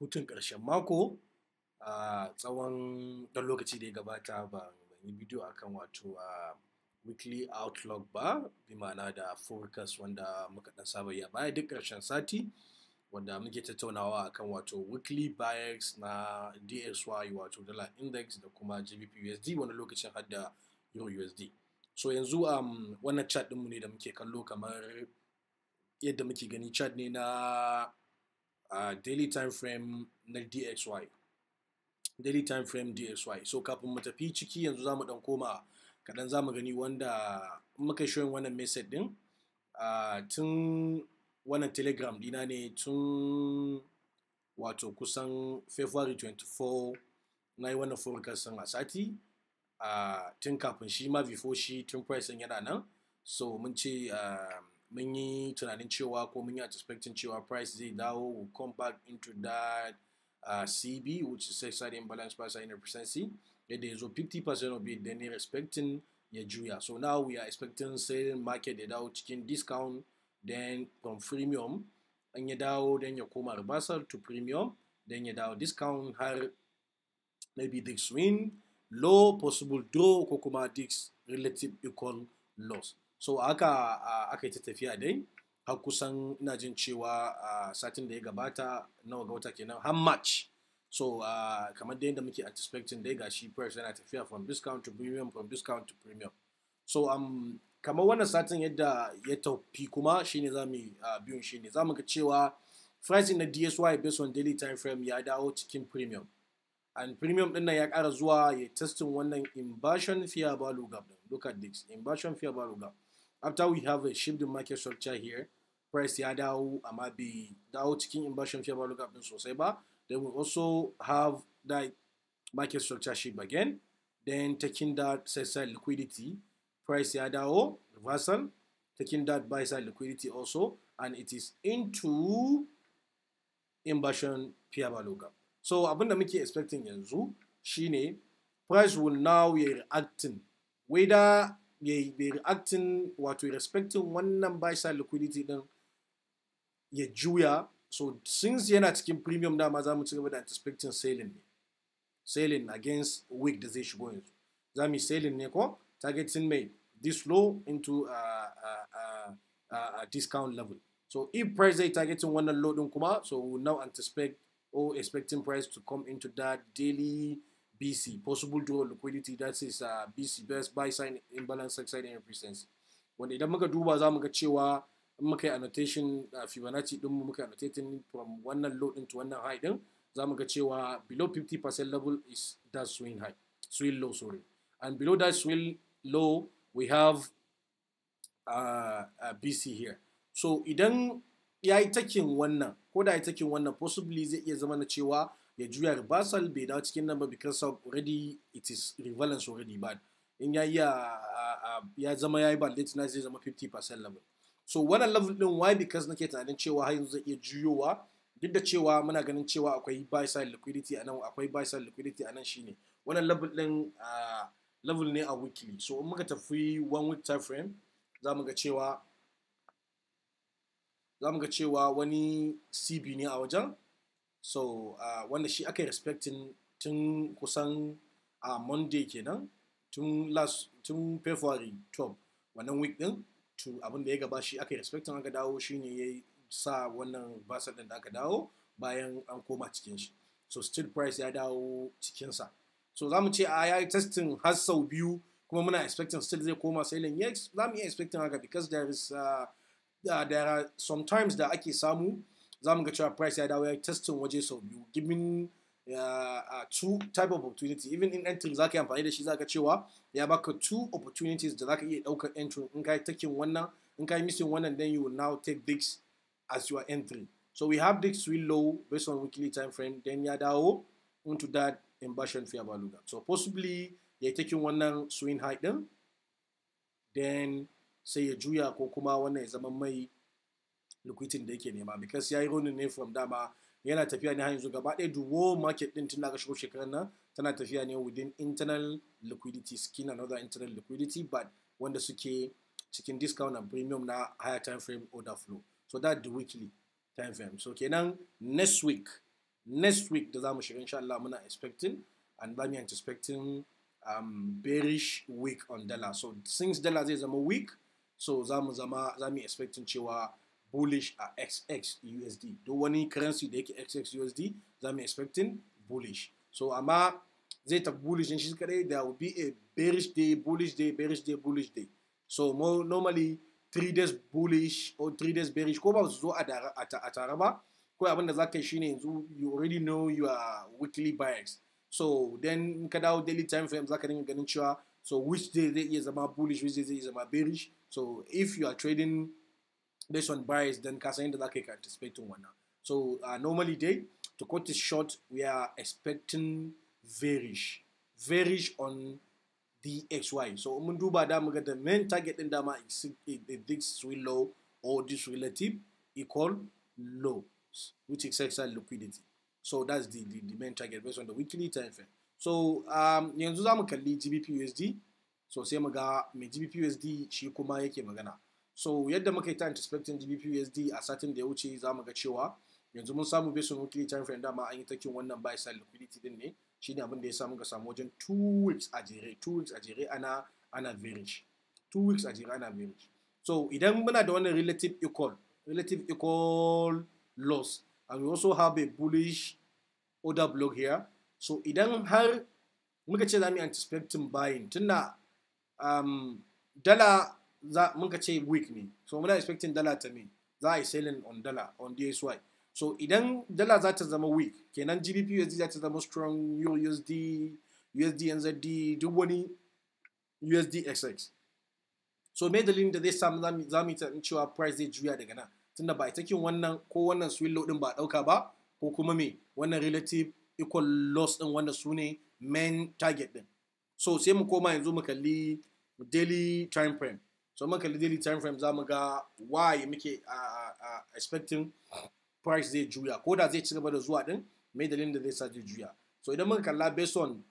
hutun ƙarshen mako a tsawon ɗan lokaci da ya gabata ba yi bidiyo akan wato a weekly outlook ba bi ma'ana da focus wanda muka ɗan saba ya baya duk ƙarshen sati wanda muke tattaunawa akan wato weekly bias na DSY wato dollar index da kuma GBP USD wani lokacin har da Euro USD. So yanzu um, wannan chat ɗinmu ne da muke kallo kamar yadda muke gani chat ne na uh, daily time frame na dxy daily time frame dxy so kafin mu tafi ciki yanzu zamu mu dan koma kaɗan zamu gani wanda muka shoyin wannan message din uh, tun wannan telegram dina ne tun wato kusan february 24 na yi wannan forecast a sati uh, tun kafin shi ma before shi tun price yana nan so mun ce um, mun yi tunanin cewa ko mun yi expecting cewa price zai dawo will come back into that uh, CB which is sex side imbalance price in inefficiency yadda ya zo 50% of it then expecting ya juya so now we are expecting sale market ya dawo cikin discount then from premium an ya dawo then ya koma reversal to premium then ya dawo discount har maybe this win low possible draw ko kuma this relative equal loss so aka aka yi ta tafiya dai har kusan ina jin cewa a satin da ya gabata nawa ga wata kenan har march so kamar da yadda muke anticipating dai gashi price yana tafiya from discount to premium from discount to premium so um, kamar wannan satin yadda ya tafi kuma shine za mu biyun shine za mu ga cewa pricing na DSY based on daily time frame ya dawo cikin premium and premium din nan ya kara zuwa ya testin wannan inversion fair value gap look at this inversion fair value gap After we have a the market structure here, price ya dawo amma bai dawo cikin inversion fever lookup din so ba. Then we also have that market structure shift again. Then taking that sell side liquidity, price the other reversal, taking that buy side liquidity also, and it is into inversion fever lookup. So abinda muke expecting yanzu shine price will now be reacting whether ya reacting wato respecting wannan buy side liquidity din ya juya so since yana cikin premium dama za mu cigaba gaba da anticipating selling ne selling against week da zai shigo yanzu za mu yi selling ne ko targeting mai this low into a uh, uh, uh, discount level so if price zai targeting wannan low din kuma so we now anticipate or expecting price to come into that daily BC, possible draw liquidity that says uh, BC, best buy sign imbalance side inefficiency. Wanda idan muka duba za mu ga cewa in muka yi annotation uh, Fibonacci din mu muka annotating from wannan low din to wannan high din za mu ga cewa below 50% level is that swing high, swing low, sorry. And below that swing low, we have uh, uh, BC here. So idan ya yi takin wannan, ko da ya yi takin wannan, possibly zai iya zama na cewa ya juya reversal bai dawo cikin nan ba because of already it is revalence already bad in ya iya ya zama ya yi bad late night zai zama 50% level so wannan level din why because nake tunanin cewa har yanzu zai iya juyowa duk da cewa muna ganin cewa akwai buy side liquidity a nan akwai buy side liquidity a nan shine wannan level din level ne a weekly so in muka tafi one week time frame za mu ga cewa za mu ga cewa wani cb ne a wajen so uh, wanda shi aka yi respecting tun kusan a uh, monday kenan tun last tun february 12 wannan week din to abin da ya gaba shi aka yi respecting aka dawo shine ya sa wannan basa din da aka dawo bayan an koma cikin shi so still price ya dawo cikinsa so za mu ce a ah, ya testin testing har sau biyu kuma muna expecting still zai koma sailing yes za mu iya expecting haka because there is uh, uh, there are sometimes da ake samu za mu ga cewa price ya dawo ya testin waje sau biyu giving uh, uh, two type of opportunity even in entering za ka yi amfani da shi za ka cewa ya baka two opportunities da za ka iya ɗaukar entry in ka yi takin wannan in ka yi missing wannan then you will now take this as your entry so we have this really low based on weekly time frame then ya dawo into that inversion fair value gap so possibly ya yi taking wannan swing high din then sai ya juya ko kuma wannan ya zama mai liquidity da yake nema because yayi running ne from dama yana tafiya ne har yanzu gaba ɗaya duwo market din tun da aka shigo shekarar nan tana tafiya ne within internal liquidity skin another internal liquidity but wanda suke cikin discount and premium na higher time frame order flow so that the weekly time frame so kenan next week next week da zamu shiga insha Allah muna expecting and bani anticipating um, bearish week on dollar so since dollar zai zama weak so zamu zama zamu expecting cewa bullish a xx usd duk wani currency da yake xx usd za mu expecting bullish so amma zai tafi bullish shi kadai da will be a bearish day bullish day bearish day bullish day so more normally three days bullish or three days bearish ko ba zo a tare ba ko abin da za ka yi shine you already know your weekly bias so then ka dawo daily time frame za ka ganin cewa so which day zai iya bullish which day zai iya bearish so if you are trading based on bias then ka san can za ka one participating wannan so uh, normally day to cut it short we are expecting varish varish on the XY. so Munduba duba da mu ga the main target in dama is this will low or this relative equal low which is exact liquidity so that's the, the, the main target based on the weekly time frame so um, yanzu za mu kalli gbp usd so sai mu ga me gbp usd shi kuma yake magana so yadda muka yi ta anticipating gbpusd a satin da ya wuce za mu ga cewa yanzu mun samu bai on weekly time frame dama an yi takin wannan buy sell liquidity din ne shine abin da ya samu ga samu wajen 2 weeks a jere 2 weeks a jere ana ana average 2 weeks a jere ana average so idan muna da wannan relative equal relative equal loss and we also have a bullish order block here so idan har muka ce za mu anticipating buying tunda um, dala za mun ka ce week ne so muna expecting dala ta me za a yi selling on dala on DSY so idan dala za ta zama weak kenan GBP USD za ta zama strong new USD USD NZD duk wani USD XX so me dalilin da zai samu za mu ta cewa price zai juya daga nan tunda ba ita kin wannan ko wannan swing low din ba dauka ba ko kuma me wannan relative equal loss din wanda su ne main target din so sai mu koma yanzu mu kalli daily time frame so muka kalli daily time frame zamu ga why muke expecting price zai juya ko da zai ci gaba da zuwa din mai dalilin da zai sa zai juya so idan muka kalla based on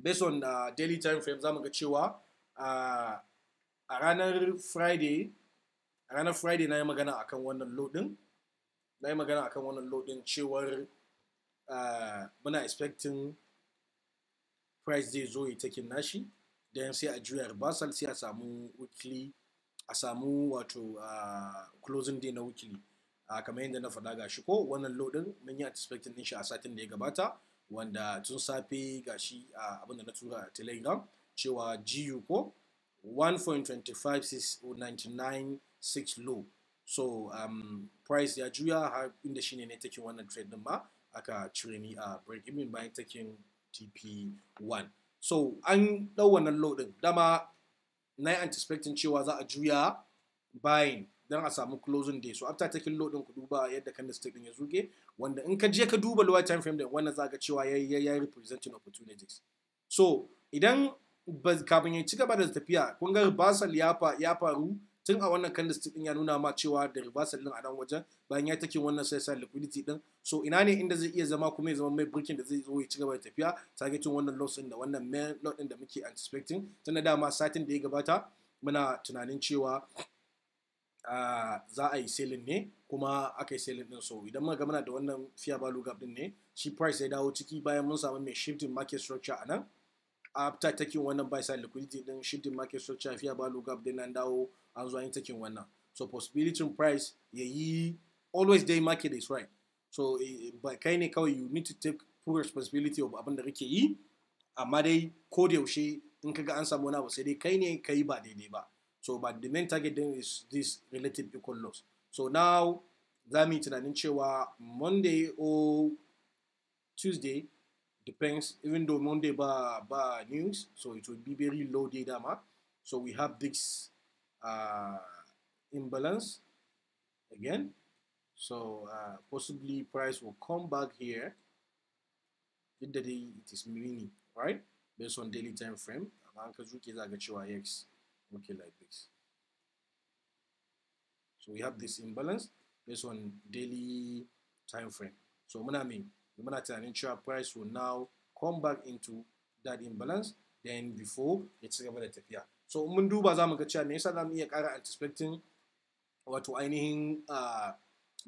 based on uh, daily time frame zamu ga cewa uh, a ranar friday a ranar friday na yi magana akan wannan load din na yi magana akan wannan load din cewar uh, muna expecting price zai zo yi take nashi dan sai a juya basal sai a samu weekly a samu wato closing day na weekly a kamar yadda na faɗa ga shi ko wannan low din mun yi anticipating din shi a satin da ya gabata wanda tun safe gashi uh, abinda na tura a telegram cewa gu ko 1.25699 low so um, price ya juya har inda shine ne taking wannan trade din ba aka cire ni a break even bayan taking tp1 so an ɗau wannan low dama na yi anticipating cewa za a juya buying don a samu closing day so after taking low ku duba yadda candlestick din ya zuge wanda in ka je ka duba lower time frame ɗin wannan za ka cewa ya yi ya representing opportunities so idan kafin ya ci gaba da tafiya kun ga reversal ya faru tun a wannan candlestick din ya nuna ma cewa da reversal din a nan wajen bayan ya take wannan sai sai liquidity din so ina ne inda zai iya zama kuma ya zama mai breaking da zai zo ya ci gaba da tafiya targetin wannan loss din da wannan main lot din da muke anticipating tunda dama satin da ya gabata muna tunanin cewa za a yi selin ne kuma aka yi selin din so idan muka muna da wannan fiya gap din ne shi price ya dawo ciki bayan mun samu mai shifting market structure a nan after taking wannan buy side liquidity din shifting market structure fiya value gap din nan dawo an zuwa yin taking wannan so possibility price ya yi always dai market is right so eh, kai ne kawai you need to take full responsibility of abin da kake yi amma dai ko da yaushe in kaga an samu wani abu sai dai kai ne kai ba daidai ba so but the main target then is this relative equal loss so now za mu yi tunanin cewa monday or tuesday depends, even though Monday bar, bar news, so it will be very low data map. So we have this uh, imbalance again. So uh, possibly price will come back here in the day it is mini, right? Based on daily time frame, because we I got your X, okay, like this. So we have this imbalance based on daily time frame. So what I mean, muna tunanin cewa price will now come back into that imbalance then before ya ci gaba da tafiya so mun duba za mu ga cewa me yasa za mu iya ƙara anticipating wato ainihin ah,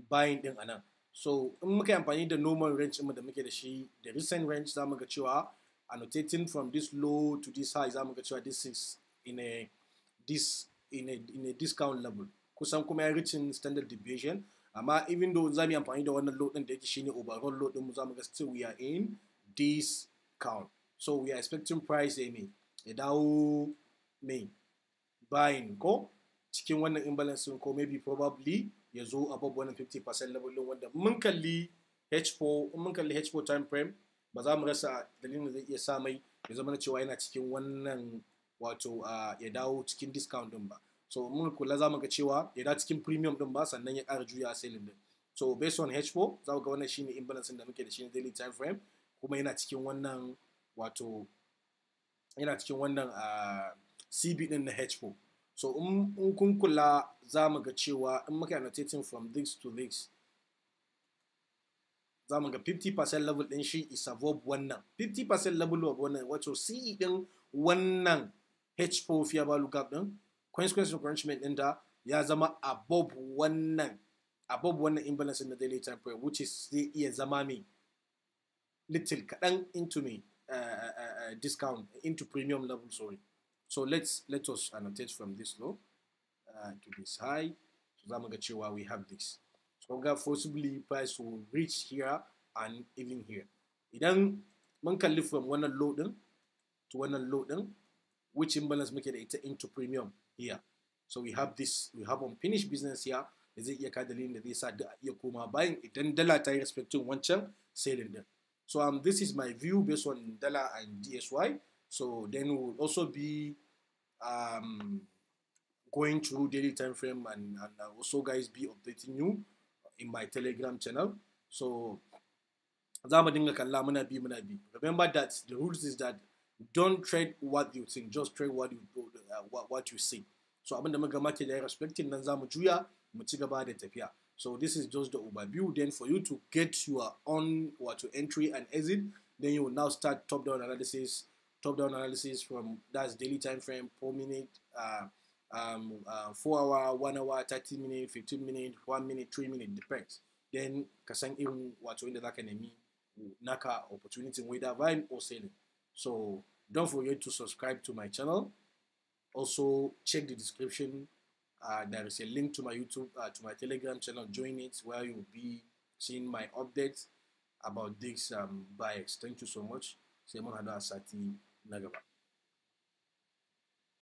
buying din anan so in muka yi amfani da normal range mu da muke da shi da recent range za mu ga cewa annotating from this low to this high za mu ga cewa this is in a this in a, in a discount level kusan kuma ya reaching standard deviation amma even though za mu yi amfani da wannan load din da yake shine overall load din mu za mu ga still we are in discount so we are expecting price ya me ya dawo me buying ko cikin wannan imbalance ko maybe probably ya zo above wannan 50% level din wanda mun kalli H4 mun kalli H4 time frame ba za mu rasa dalilin da zai iya samai ya zama na cewa yana cikin wannan wato ah, ya dawo cikin discount din ba so mun kula za mu ga cewa ya da cikin premium din ba sannan ya ƙara juya selling din so based on h4 za ku ga wannan shine imbalance da muke da shi na daily time frame kuma yana cikin wannan wato yana cikin wannan ah, cb din na h4 so in kun kula za mu ga cewa in muka annotating from this to this za mu ga 50% level din shi is above wannan 50% level of wannan wato ce din wannan h4 fiya value gap din consequence replenishment ɗinta ya zama above wannan above wannan imbalance na daily time prayer which is zai iya zama mai little kaɗan into me uh, uh, discount into premium level sorry so let's let us annotate from this low uh, to this high so zamu ga cewa we have this so ga possibly price will reach here and even here idan mun kalli from wannan low din to wannan low din which imbalance muke da ita into premium here so we have this we have unfinished business here da zai iya ka dalilin da zai sa duk iya koma bayan idan dala ta yi respectin wancan selling din so um, this is my view based on dollar and dsy so then we will also be um, going through daily time frame and, and also guys be updating you in my telegram channel so za mu dinga kalla muna bi muna bi remember that the rules is that don't trade what you think just trade what you uh, what, what you see so abin da muka make dai respecting nan zamu juya mu ci gaba da tafiya so this is just the overview then for you to get your own what to entry and exit then you will now start top down analysis top down analysis from that's daily time frame four minute uh, um, uh, 4 hour 1 hour 30 minute 15 minute 1 minute 3 minute depends then kasan irin wato inda zaka nemi naka opportunity whether buying or selling So don't forget to subscribe to my channel. Also check the description. Uh, there is a link to my YouTube, uh, to my Telegram channel. Join it where you will be seeing my updates about this um, bikes. Thank you so much. Simon Hado Nagaba.